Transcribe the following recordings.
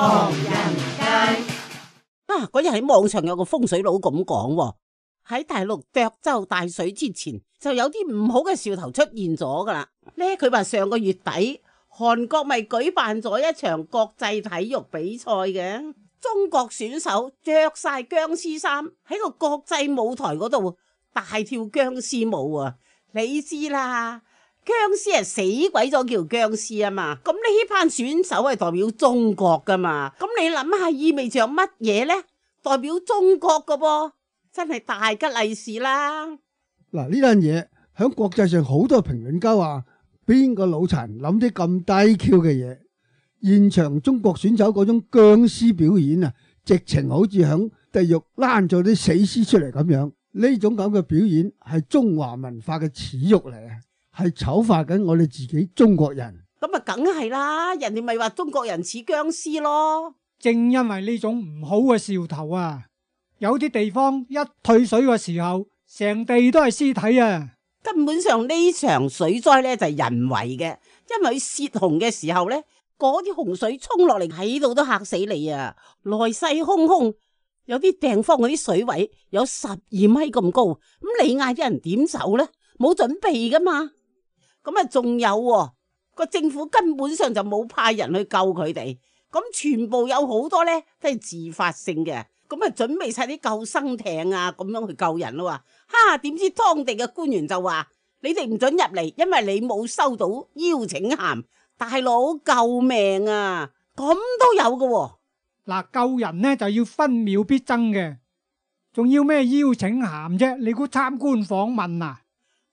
唐人街啊！嗰日喺網上有個風水佬咁講喎，喺大陸鄭州大水之前就有啲唔好嘅兆頭出現咗噶啦。呢佢話上個月底韓國咪舉辦咗一場國際體育比賽嘅，中國選手着晒僵屍衫喺個國際舞台嗰度大跳僵屍舞啊！你知啦。僵屍係死鬼咗叫僵屍啊嘛！咁你呢班選手係代表中國噶嘛？咁你諗下，意味着乜嘢呢？代表中國噶噃，真係大吉利是啦！嗱，呢單嘢響國際上好多評論家話：邊個腦殘諗啲咁低 Q 嘅嘢？現場中國選手嗰種僵屍表演啊，直情好似響地獄拉咗啲死屍出嚟咁樣。呢種咁嘅表演係中華文化嘅恥辱嚟啊！係醜化緊我哋自己中國人，咁啊梗係啦，人哋咪話中國人似僵屍咯。正因為呢種唔好嘅兆頭啊，有啲地方一退水嘅時候，成地都係屍體啊。根本上呢場水災咧就係、是、人為嘅，因為佢泄洪嘅時候咧，嗰啲洪水沖落嚟喺度都嚇死你啊！來勢洶洶，有啲地方嗰啲水位有十二米咁高，咁你嗌啲人點走咧？冇準備噶嘛？咁啊，仲有個政府根本上就冇派人去救佢哋，咁全部有好多呢都係自發性嘅，咁啊準備晒啲救生艇啊，咁樣去救人囉。哇，哈，點知當地嘅官員就話你哋唔准入嚟，因為你冇收到邀請函。大佬救命啊，咁都有㗎。嗱，救人呢就要分秒必爭嘅，仲要咩邀請函啫？你估參觀訪問啊？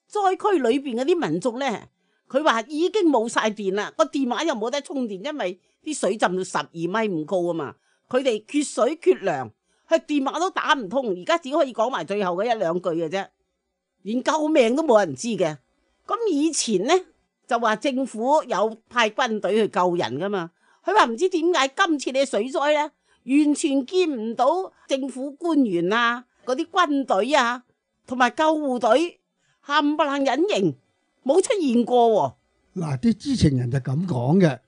災區裏邊嗰啲民族呢，佢話已經冇晒電啦，個電話又冇得充電，因為啲水浸到十二米唔高啊嘛，佢哋缺水缺糧，佢電話都打唔通，而家只可以講埋最後嘅一兩句嘅啫，連救命都冇人知嘅。咁以前呢，就話政府有派軍隊去救人噶嘛，佢話唔知點解今次呢水災呢，完全見唔到政府官員啊，嗰啲軍隊啊，同埋救護隊。冚唪唥隱形冇出現過喎，嗱啲、啊、知情人就咁講嘅。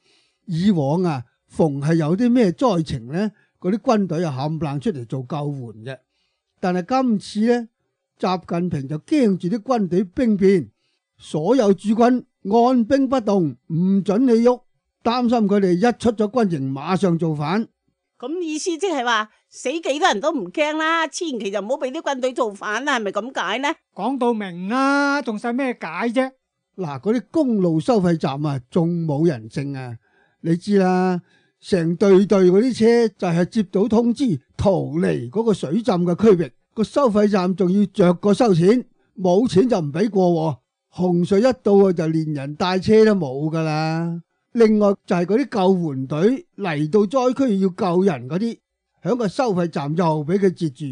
以往啊，逢係有啲咩災情呢，嗰啲軍隊又冚唪唥出嚟做救援嘅，但係今次呢，習近平就驚住啲軍隊兵變，所有駐軍按兵不動，唔准你喐，擔心佢哋一出咗軍營馬上造反。咁意思即係話，死幾多人都唔驚啦，千祈就唔好俾啲軍隊造反啦，係咪咁解呢？講到明啦，仲使咩解啫？嗱，嗰啲公路收費站啊，仲冇人性啊，你知啦，成隊隊嗰啲車就係接到通知逃離嗰個水浸嘅區域，個收費站仲要着個收錢，冇錢就唔俾過喎啊。洪水一到啊，就連人帶車都冇噶啦。另外就係嗰啲救援隊嚟到災區要救人嗰啲，響個收費站又俾佢截住，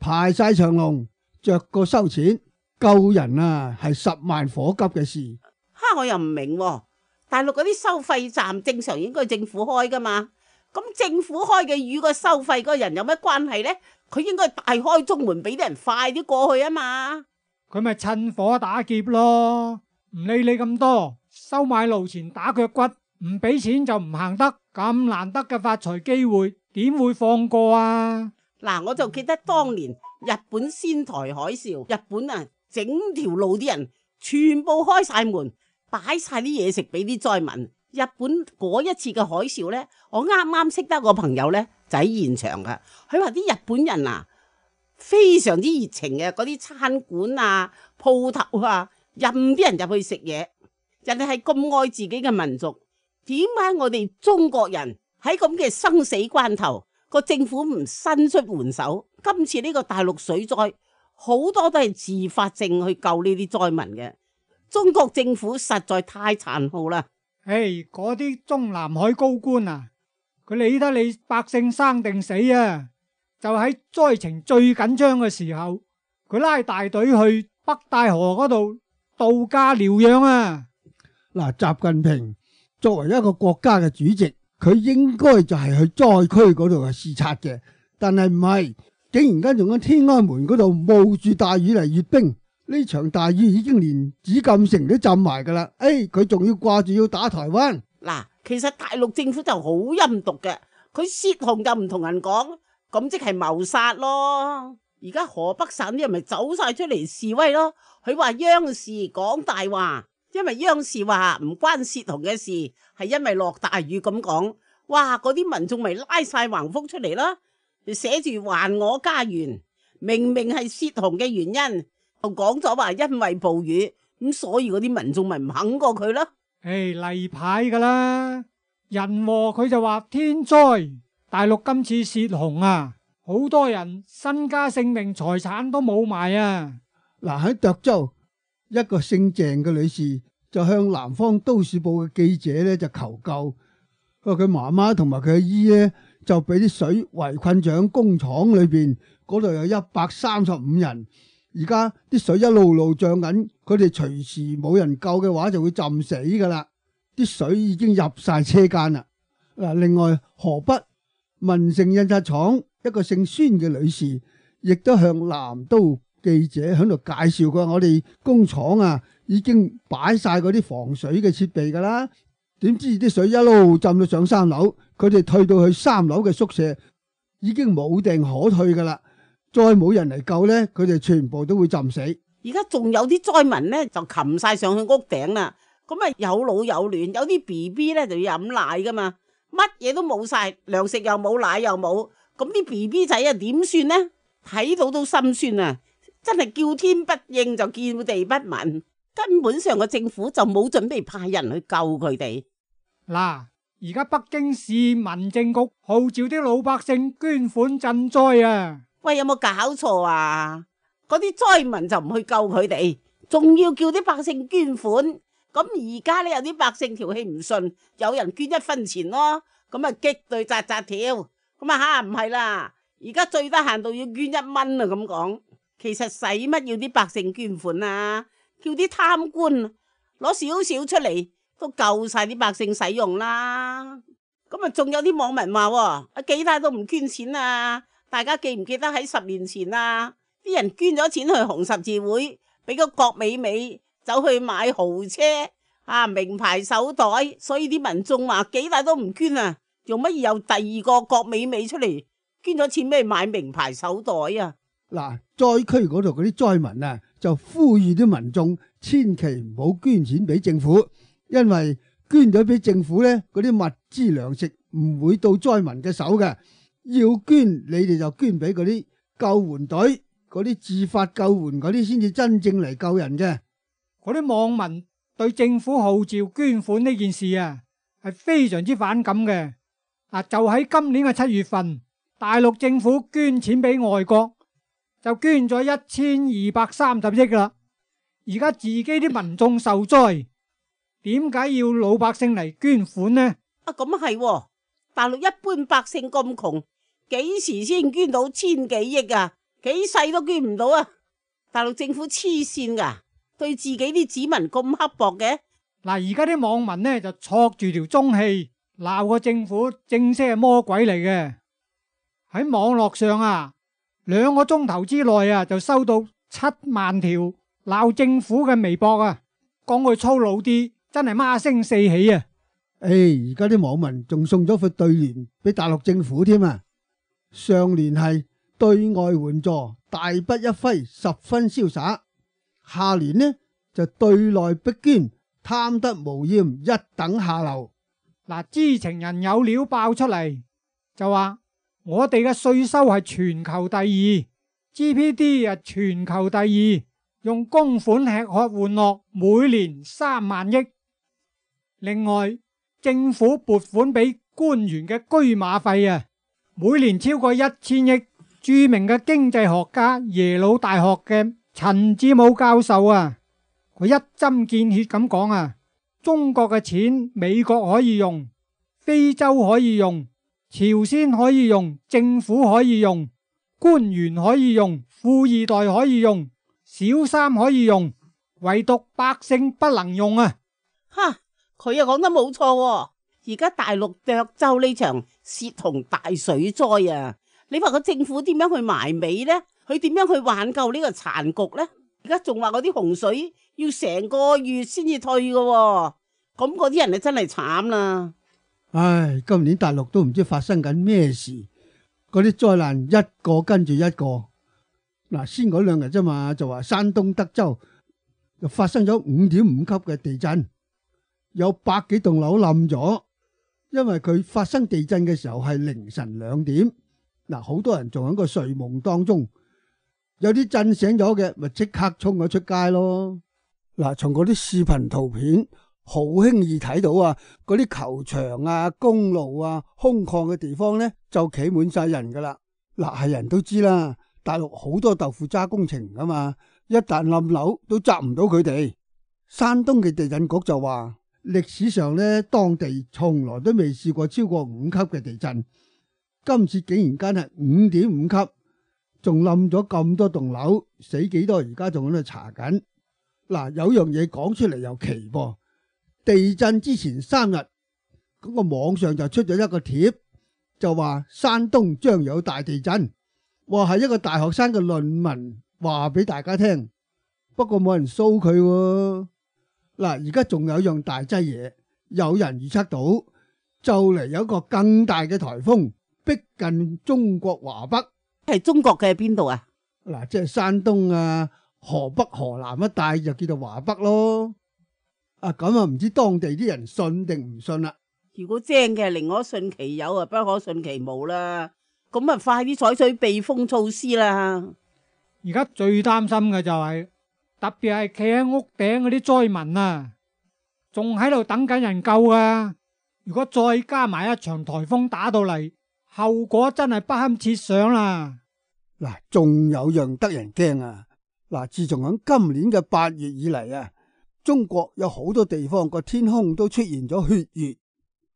排晒長龍，着個收錢。救人啊，係十萬火急嘅事。吓，我又唔明，哦，大陸嗰啲收費站正常應該政府開噶嘛？咁政府開嘅與個收費嗰人有咩關係呢？佢應該大開中門俾啲人快啲過去啊嘛？佢咪趁火打劫咯，唔理你咁多，收買路錢打腳骨。唔俾錢就唔行得，咁難得嘅發財機會，點會放過啊？嗱，我就記得當年日本仙台海嘯，日本啊，整條路啲人全部開晒門，擺晒啲嘢食俾啲災民。日本嗰一次嘅海嘯呢，我啱啱識得個朋友呢，就喺現場噶，佢話啲日本人啊非常之熱情嘅，嗰啲餐館啊、鋪頭啊，任啲人入去食嘢，人哋係咁愛自己嘅民族。點解我哋中國人喺咁嘅生死關頭，個政府唔伸出援手？今次呢個大陸水災，好多都係自發性去救呢啲災民嘅。中國政府實在太殘酷啦！唉，嗰啲中南海高官啊，佢理得你百姓生定死啊？就喺災情最緊張嘅時候，佢拉大隊去北戴河嗰度度假療養啊！嗱，習近平。作為一個國家嘅主席，佢應該就係去災區嗰度去視察嘅，但係唔係，竟然間，仲喺天安門嗰度冒住大雨嚟閱兵。呢場大雨已經連紫禁城都浸埋噶啦，誒、哎，佢仲要掛住要打台灣。嗱，其實大陸政府就好陰毒嘅，佢泄洪就唔同人講，咁即係謀殺咯。而家河北省啲人咪走晒出嚟示威咯，佢話央視講大話。因為央視話唔關泄洪嘅事，係因為落大雨咁講，哇！嗰啲民眾咪拉晒橫幅出嚟啦，寫住還我家園，明明係泄洪嘅原因，又講咗話因為暴雨，咁所以嗰啲民眾咪唔肯過佢咯。誒，例牌噶啦，人禍佢就話天災，大陸今次泄洪啊，好多人身家、性命、財產都冇埋啊。嗱，喺涿州。一個姓鄭嘅女士就向南方都市報嘅記者咧就求救，佢話佢媽媽同埋佢阿姨咧就俾啲水圍困住喺工廠裏邊，嗰度有一百三十五人，而家啲水一路路漲緊，佢哋隨時冇人救嘅話就會浸死噶啦，啲水已經入晒車間啦。嗱，另外河北文盛印刷廠一個姓孫嘅女士亦都向南都。記者喺度介紹過我哋工廠啊，已經擺晒嗰啲防水嘅設備㗎啦。點知啲水一路浸到上三樓，佢哋退到去三樓嘅宿舍已經冇地可退㗎啦。再冇人嚟救呢，佢哋全部都會浸死。而家仲有啲災民呢，就擒晒上去屋頂啦。咁啊，有老有嫩，有啲 B B 呢，就要飲奶㗎嘛。乜嘢都冇晒，糧食又冇，奶又冇。咁啲 B B 仔啊，點算呢？睇到都心酸啊！真係叫天不應就叫地不聞，根本上個政府就冇準備派人去救佢哋。嗱，而家北京市民政局號召啲老百姓捐款賑災啊！喂，有冇搞錯啊？嗰啲災民就唔去救佢哋，仲要叫啲百姓捐款？咁而家咧有啲百姓條氣唔順，有人捐一分錢咯，咁啊激到扎扎跳。咁啊吓，唔係啦，而家最低限度要捐一蚊啊咁講。其實使乜要啲百姓捐款啊？叫啲貪官攞少少出嚟，都夠晒啲百姓使用啦。咁啊，仲有啲網民話：啊，幾大都唔捐錢啊？大家記唔記得喺十年前啊，啲人捐咗錢去紅十字會，俾個郭美美走去買豪車啊，名牌手袋。所以啲民眾話：幾大都唔捐啊？用乜有第二個郭美美出嚟捐咗錢咩？買名牌手袋啊？嗱，災區嗰度嗰啲災民啊，就呼籲啲民眾千祈唔好捐錢俾政府，因為捐咗俾政府呢，嗰啲物資糧食唔會到災民嘅手嘅。要捐，你哋就捐俾嗰啲救援隊，嗰啲自發救援嗰啲先至真正嚟救人嘅。嗰啲網民對政府號召捐款呢件事啊，係非常之反感嘅。啊，就喺今年嘅七月份，大陸政府捐錢俾外國。就捐咗一千二百三十億噶啦，而家自己啲民眾受災，點解要老百姓嚟捐款呢？啊，咁啊係，大陸一般百姓咁窮，幾時先捐到千幾億啊？幾世都捐唔到啊！大陸政府黐線噶，對自己啲子民咁刻薄嘅。嗱、啊，而家啲網民呢就戳住條中氣，鬧個政府正式係魔鬼嚟嘅，喺網絡上啊。兩個鐘頭之內啊，就收到七萬條鬧政府嘅微博啊，講佢粗魯啲，真係媽聲四起啊！誒、哎，而家啲網民仲送咗副對聯俾大陸政府添啊，上聯係對外援助大筆一揮十分瀟灑，下聯呢就對內逼捐貪得無厭一等下流。嗱，知情人有料爆出嚟，就話。我哋嘅稅收係全球第二，GPD 啊，係全球第二，用公款吃喝玩樂，每年三萬億。另外，政府撥款俾官員嘅居馬費啊，每年超過一千億。著名嘅經濟學家耶魯大學嘅陳志武教授啊，佢一針見血咁講啊，中國嘅錢，美國可以用，非洲可以用。朝鮮可以用，政府可以用，官員可以用，富二代可以用，小三可以用，唯獨百姓不能用啊！哈，佢又講得冇錯喎。而家大陸鄭州呢場洩洪大水災啊，你話個政府點樣去埋尾呢？佢點樣去挽救呢個殘局呢？而家仲話嗰啲洪水要成個月先至退㗎喎，咁嗰啲人係真係慘啦！唉，今年大陸都唔知發生緊咩事，嗰啲災難一個跟住一個。嗱，先嗰兩日啫嘛，就話山東德州就發生咗五點五級嘅地震，有百幾棟樓冧咗。因為佢發生地震嘅時候係凌晨兩點，嗱，好多人仲喺個睡夢當中，有啲震醒咗嘅，咪即刻衝咗出街咯。嗱，從嗰啲視頻圖片，好輕易睇到啊！嗰啲球場啊、公路啊、空曠嘅地方咧，就企滿晒人噶啦。嗱、呃，係人都知啦，大陸好多豆腐渣工程噶嘛，一旦冧樓都執唔到佢哋。山東嘅地震局就話，歷史上咧當地從來都未試過超過五級嘅地震，今次竟然間係五點五級，仲冧咗咁多棟樓，死幾多？而家仲喺度查緊。嗱、呃，有樣嘢講出嚟又奇噃。地震之前三日，嗰、那個網上就出咗一個貼，就話山東將有大地震，話係一個大學生嘅論文話俾大家聽，不過冇人搜佢、啊。嗱，而家仲有一樣大劑嘢，有人預測到就嚟有一個更大嘅颱風逼近中國華北，係中國嘅邊度啊？嗱，即係山東啊、河北、河南一帶就叫做華北咯。啊，咁啊，唔知當地啲人信定唔信啦。如果精嘅，寧可信其有啊，不可信其冇啦。咁啊，快啲採取避風措施啦。而家最擔心嘅就係、是，特別係企喺屋頂嗰啲災民啊，仲喺度等緊人救啊。如果再加埋一場颱風打到嚟，後果真係不堪設想啦。嗱、啊，仲有樣得人驚啊！嗱、啊，自從喺今年嘅八月以嚟啊。中國有好多地方個天空都出現咗血月，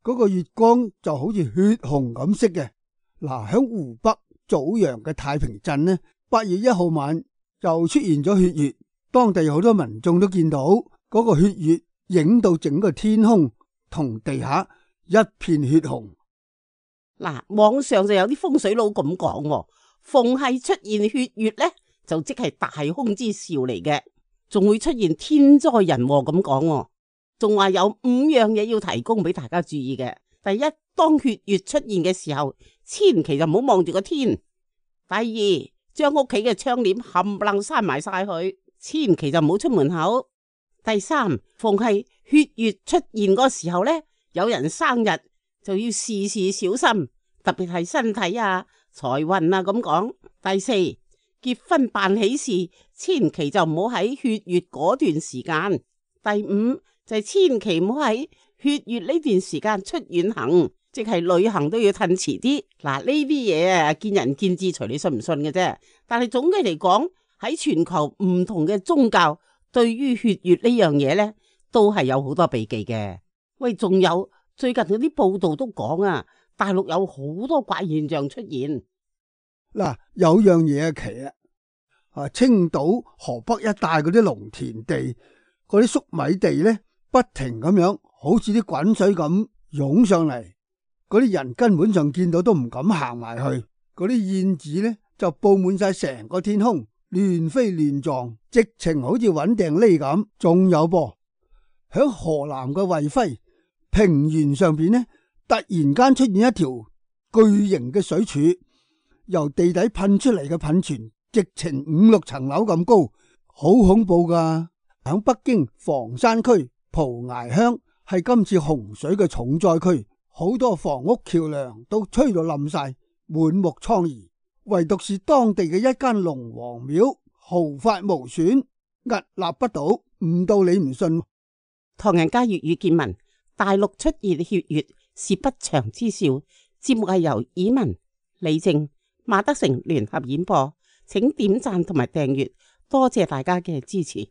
嗰個月光就好似血紅咁色嘅。嗱，喺湖北棗陽嘅太平鎮呢，八月一號晚又出現咗血月，當地好多民眾都見到嗰個血月影到整個天空同地下一片血紅。嗱，網上就有啲風水佬咁講，逢係出現血月呢，就即係大凶之兆嚟嘅。仲會出現天災人禍咁講，仲話、哦、有五樣嘢要提供俾大家注意嘅。第一，當血月出現嘅時候，千祈就唔好望住個天。第二，將屋企嘅窗簾冚唪唥閂埋晒佢，千祈就唔好出門口。第三，逢係血月出現嗰時候咧，有人生日就要事事小心，特別係身體啊、財運啊咁講。第四。結婚辦喜事，千祈就唔好喺血月嗰段時間。第五就係千祈唔好喺血月呢段時間出遠行，即係旅行都要褪遲啲。嗱，呢啲嘢啊，見仁見智，隨你信唔信嘅啫。但係總體嚟講，喺全球唔同嘅宗教對於血月呢樣嘢呢，都係有好多避忌嘅。喂，仲有最近嗰啲報道都講啊，大陸有好多怪現象出現。嗱、啊，有樣嘢嘅奇啊！啊，青島河北一帶嗰啲農田地、嗰啲粟米地咧，不停咁樣，好似啲滾水咁湧上嚟。嗰啲人根本上見到都唔敢行埋去。嗰啲燕子咧就布滿晒成個天空，亂飛亂撞，直情好似揾定呢咁。仲有噃，響河南嘅衛輝平原上邊呢，突然間出現一條巨型嘅水柱。由地底噴出嚟嘅噴泉，直情五六層樓咁高，好恐怖噶！響北京房山區蒲崖鄉係今次洪水嘅重災區，好多房屋橋樑都吹到冧晒，滿目瘡痍。唯獨是當地嘅一間龍王廟毫髮無損，屹立不倒。唔到你唔信。唐人街粵語見聞，大陸出現血月是不祥之兆，節目係由耳聞理證、馬德成聯合演播，請點讚同埋訂閱，多謝大家嘅支持。